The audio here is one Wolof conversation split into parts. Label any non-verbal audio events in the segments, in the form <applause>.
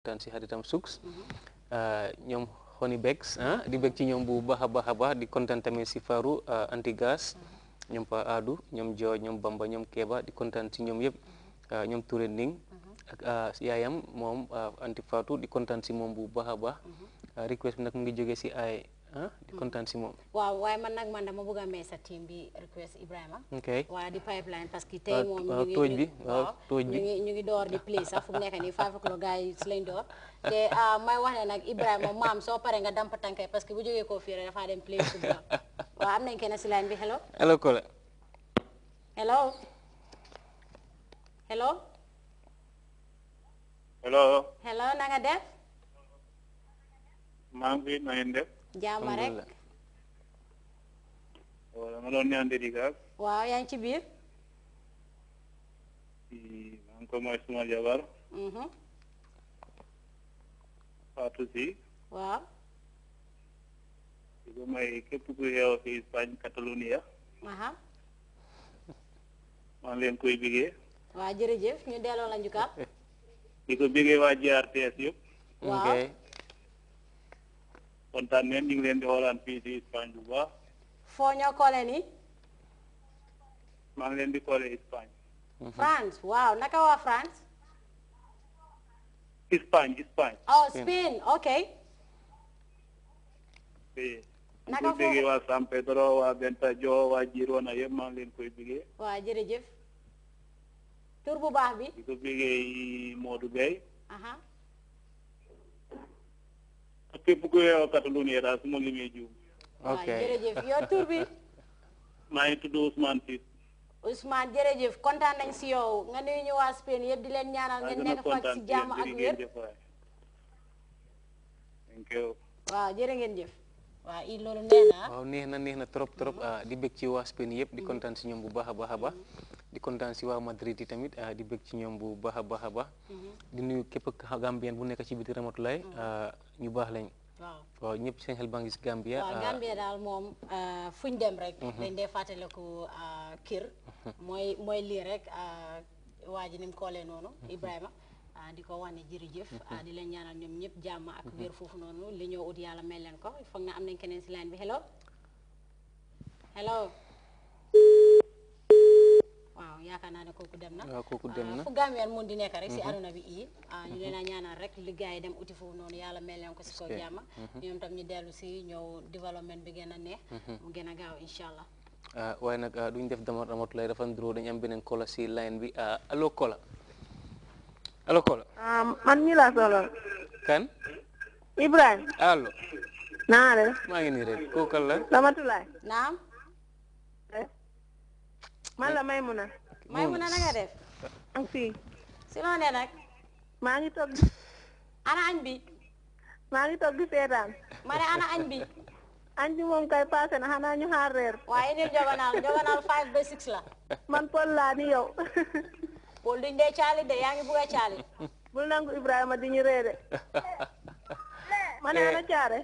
tan si xaritam Suks mhm. ah, ñoom xoni begs ah, di bég ci ñoom bu baax a baax a baax di kontaan tamit si Faru ah, Antigas mhm. ñoom Pa Adu ñoom Jooj ñoom Bamba ñoom Keba di kontaan si ñoom yëpp mhm. ñoom Touré Ning ak yaayam moom Anti Fatou di kontaan si moom bu baax a baax request bi nag mu ngi jógee si ay di konten si mom waaw waaye man nag man dama bëgg a may sa team bi request Ibrahima waa di pipeline parce que tey moom tooj bi waaw tooj bi ñu ngi door di play sax fu mu nekk kan, nii five o'clock gars <laughs> ah, yi si lañ door te may wax nak nag Ibrahima maam so paree nga damp tànkay parce que bu jógee koo fii rek dafaa dem play suba waaw am nañ kenn si line bi hello hello Kole hello hello hello hello na nga def maa ngi def Jamarek. rek wala ma doon ñaan dédicace waaw yaa ci biir man ko Wow. suma jabar mhm. Fatou si waaw di ko may ku fi Espagne Catalonia aha maa ngi koy bigee waaw jërëjëf ñu delloo la njukkal di ko bigee yëpp kontaan neen lain ngi di Holland, fii Spain Espagne bu baax. foo ñoo koole ni. maa ngi di koole Espagne. Mhm. France wow, naka waa France. Espagne Espagne. oh hmm. Spain ok. naka foofu bëggee waa San Pedro waa Ventadio waa Girona yëpp maa ngi leen koy bëggee. waaw jërëjëf. tur bu baax bi. ko bëggee Modou képp ku yeewoo Catalonia daal su ma limee jiw. ok jërëjëf yow tur bi. maa ngi tudd Ousmane Cissé. Ousmane jërëjëf kontaan nañ si yow nga nuyu ñu waa Spain yëpp di leen ñaanal ngeen nekk fa si jàmm ak wér. waaw jërë ngeen jëf. waaw i loolu nee na. waaw neex na neex na trop trop di bëgg ci waa Spain yëpp di kontaan si ñoom bu baax a ah, baax a baax. di kontaan si waa Madrid yi tamit di bëgg ci ñoom bu baax a baax a baax. di nuyu képp Gambien bu nekk ci biti Ramatulaay ñu baax lañ. Mm-hmm. Ah, waaw ñëpp seen xel baa ngi si Gambia. waaw euh, Gambia daal moom euh, fu dem rek. Mhm. dañ dee fàttaliku euh, kir mhm. mooy mooy lii rek waa ji ni koolee noonu mhm. Ibrahima. di ko wax ne jërëjëf di leen ñaanal ñoom ñëpp jàmm ak wér foofu noonu li ñoo ut yàlla mel leen ko foog na am nañ keneen si line bi hello hello waaw yaakaar naa ne kooku dem na waaw kooku dem ah, na mun di nekk rek si aduna mhm. bi ii ah, ñu leen a ñaanal rek liggéey yi dem uti foofu noonu yàlla mel si kaw jàmma mhm. ñu dellu si ñëw développement bi gën a neex mhm. mu gën a gaaw incha ah, def damar damatu lay dafa nduroo dañu am beneen kola si line bi allo kola allo kola man mi laa soxla kan Ibrahima allo naa de maa nii rek kooku la Damatulaay naam man la Maymuna. Maymuna na nga def. Ang fi. Sino loo ne nag. maa ngi toog. ana añ bi. maa ngi toog di seetaan. ma ana añ bi. añ bi mom kay passé na xanaa ñu xaar reer. waaye indil jogonaal jogonaal 5 ba 6 la. man pol la ni yow. Pol di ndé caali de yaangi bu ga a caali. bul nangu Ibrahima di ñu reere. Mane eh, ana chaare.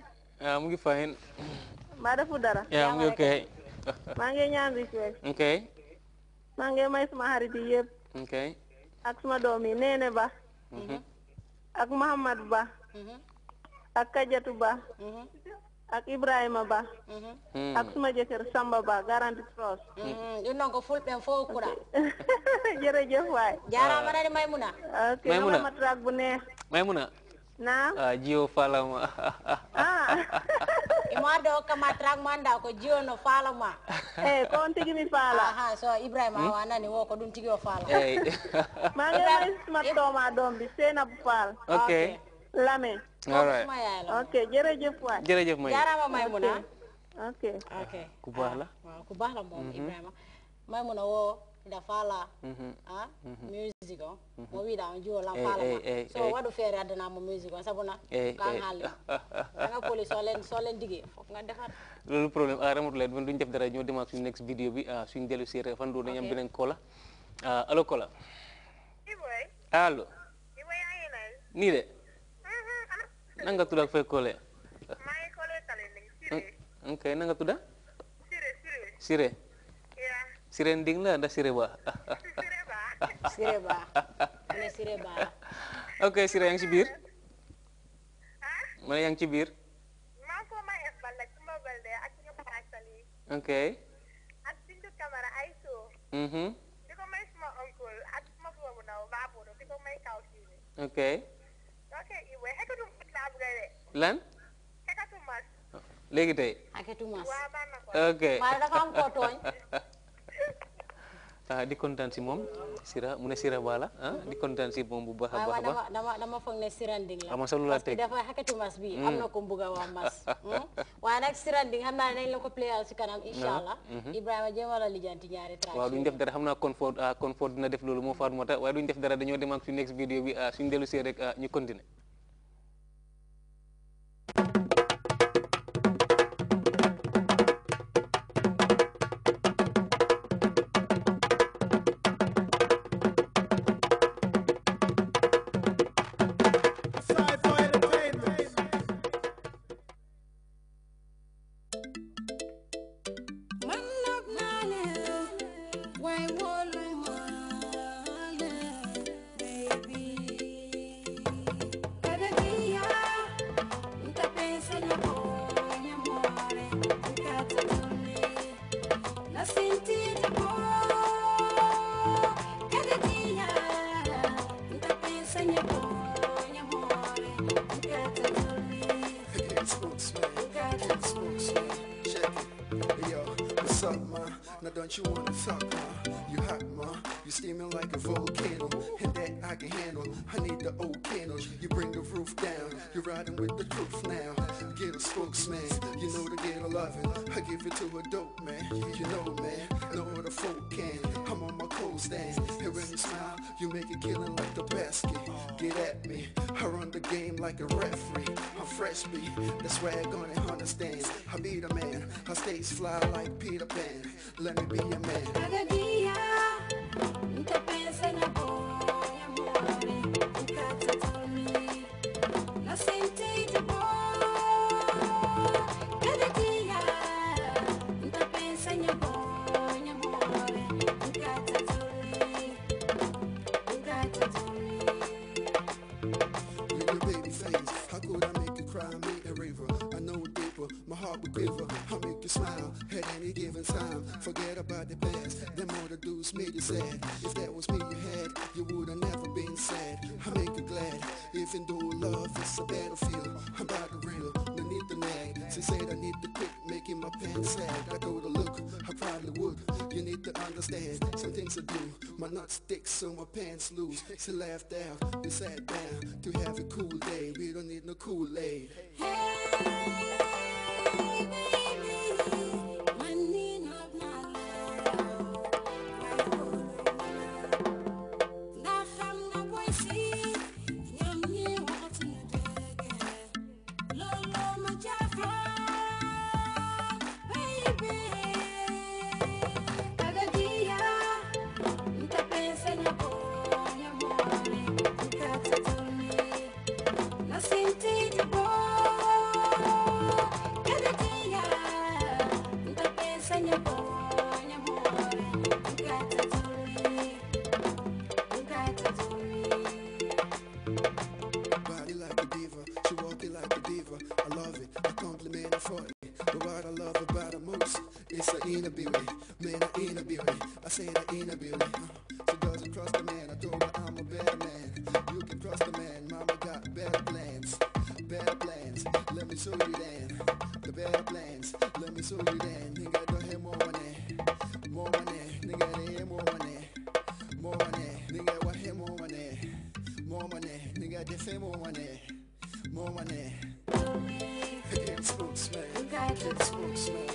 ah eh, mu ngi fahin. Ma dafu dara. Ya mu ngi okay. maa ngi ñaan request. Okay. maa ngi may suma xarit yi yëpp. ok ak suma doom yi Nene Ba. Mhm. ak Muhammad Ba. Mhm. ak Kajatu Ba. Mhm. ak Ibrahima Ba. ak suma jëkkër Samba Ba garanti trust. ñun donc fulɓe fo kura. <laughs> jërëjëf waay. jaaraama nani Maymuna. ok Maymuna ma track bu neex. naam. ah jiw falam. ah. <laughs> <laughs> mande o kama trak manda ko jiyono falama <laughs> eyi eh, ko on tigi mi <laughs> faala aha so ibrahima hmm? awa nani wo ko ɗum tigi o faala eyi eh. <laughs> magemay smatoma eh. ɗon mbi seynabu faal ok lame ok jërëjëf waay jërëjëf may jarama maymuna ok ok ah, ku baax la ah, waaw ku baax la moom mhm. ibrahima da fala mm -hmm. ah mm -hmm. music on oh? mm -hmm. mo wida on juo la eh, fala hey, hey, hey, so hey. Eh. wadu fere adana mo music on sabuna hey, eh, ka hey. hal <laughs> nga poli so len so len digé fop nga defat lolu problème a ramut len duñ def dara ñu dem suñu next video bi ah, suñu delu sire fan do dañ am benen kola ah, allo kola allo ni de mhm. nanga tudd ak fay kole may kole talen sire ok nanga tudd sire sire sire sirending lah anda sireba <laughs> sireba sireba sireba oke okay, sire yang cibir mana yang cibir mako ma es ya, balla cuma balde pernah parasali oke okay. at bindu kamara aiso mhm diko es suma uncle at suma bobu naw baburo diko may kaw sire oke okay. oke iwe hekatum labure lan hekatum mas Lan? tay hekatum mas Lagi ban aku. oke mas. dafa am kamu togn <laughs> Ah, di kontaan si moom Sira mu ne Sira Bala ah di kontaan si moom bu baax a ah, baax a baax dama dama foog ne Siranding la ama ah, salula mas bi am mm. na ko a waa mas hmm? waaye nag Siranding xam naa ne nañ la ko playal si kanam incha allah mhm. Ibrahima jéemal a lijanti ñaari tra waaw duñ def dara xam naa confort confort dina def loolu moo faatu moo waaye duñ def dara dañoo dem ak next vidéo bi suñu dellu see ñu continuer shit, check it. yo, what's up, man? Now don't you wanna talk, man? You hot, man? You steaming like a volcano, and that I can handle. I need the old candles. You bring the roof down. You're riding with the truth now. Get a spokesman. You know the get a loving. I give it to a dope man. You know, man. Know what a folk can. I'm on my cold stand. And when you smile, you make it killing like the basket. Get at me like a referee. I'm fresh beat, the swag on it, understands. I be the man, I states fly like Peter Pan. Let me be your man. face. How could I make you cry, make a raver? I know deeper, my heart would quiver. I'll make you smile at any given time. Forget about the past, them other dudes made you sad. If that was me you had, you would have never been sad. I make you glad, even though love is a battlefield. I'm about the real, no need to nag. She said I need to quit making my pants sad. I go the wood You need to understand some things I do My nuts stick so my pants loose She laughed out, we sat down To have a cool day We don't need no Kool-Aid hey. beauty, man, I in a beauty. I say I in a beauty. She doesn't trust the man. I told her I'm a better man. You can trust the man. Mama got better plans, better plans. Let me show you then the better plans. Let me show you then. Nigga, don't have more money, more money. Nigga, they have more money, more money. Nigga, what have more money, more money. Nigga, they have more money, more money. Good spokesman, the spokesman.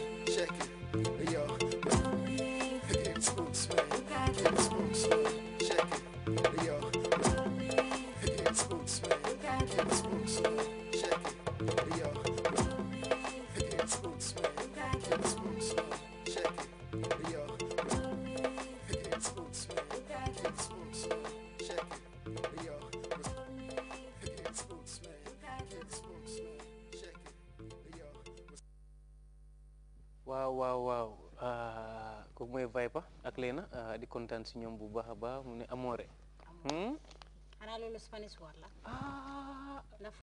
waaw waaw waaw ah, kooku mooy Vipa ak na ah, di kontaan si ñoom bu baax a baax mu ne amoore. Hmm? xanaa loolu Spanish word la. Ah.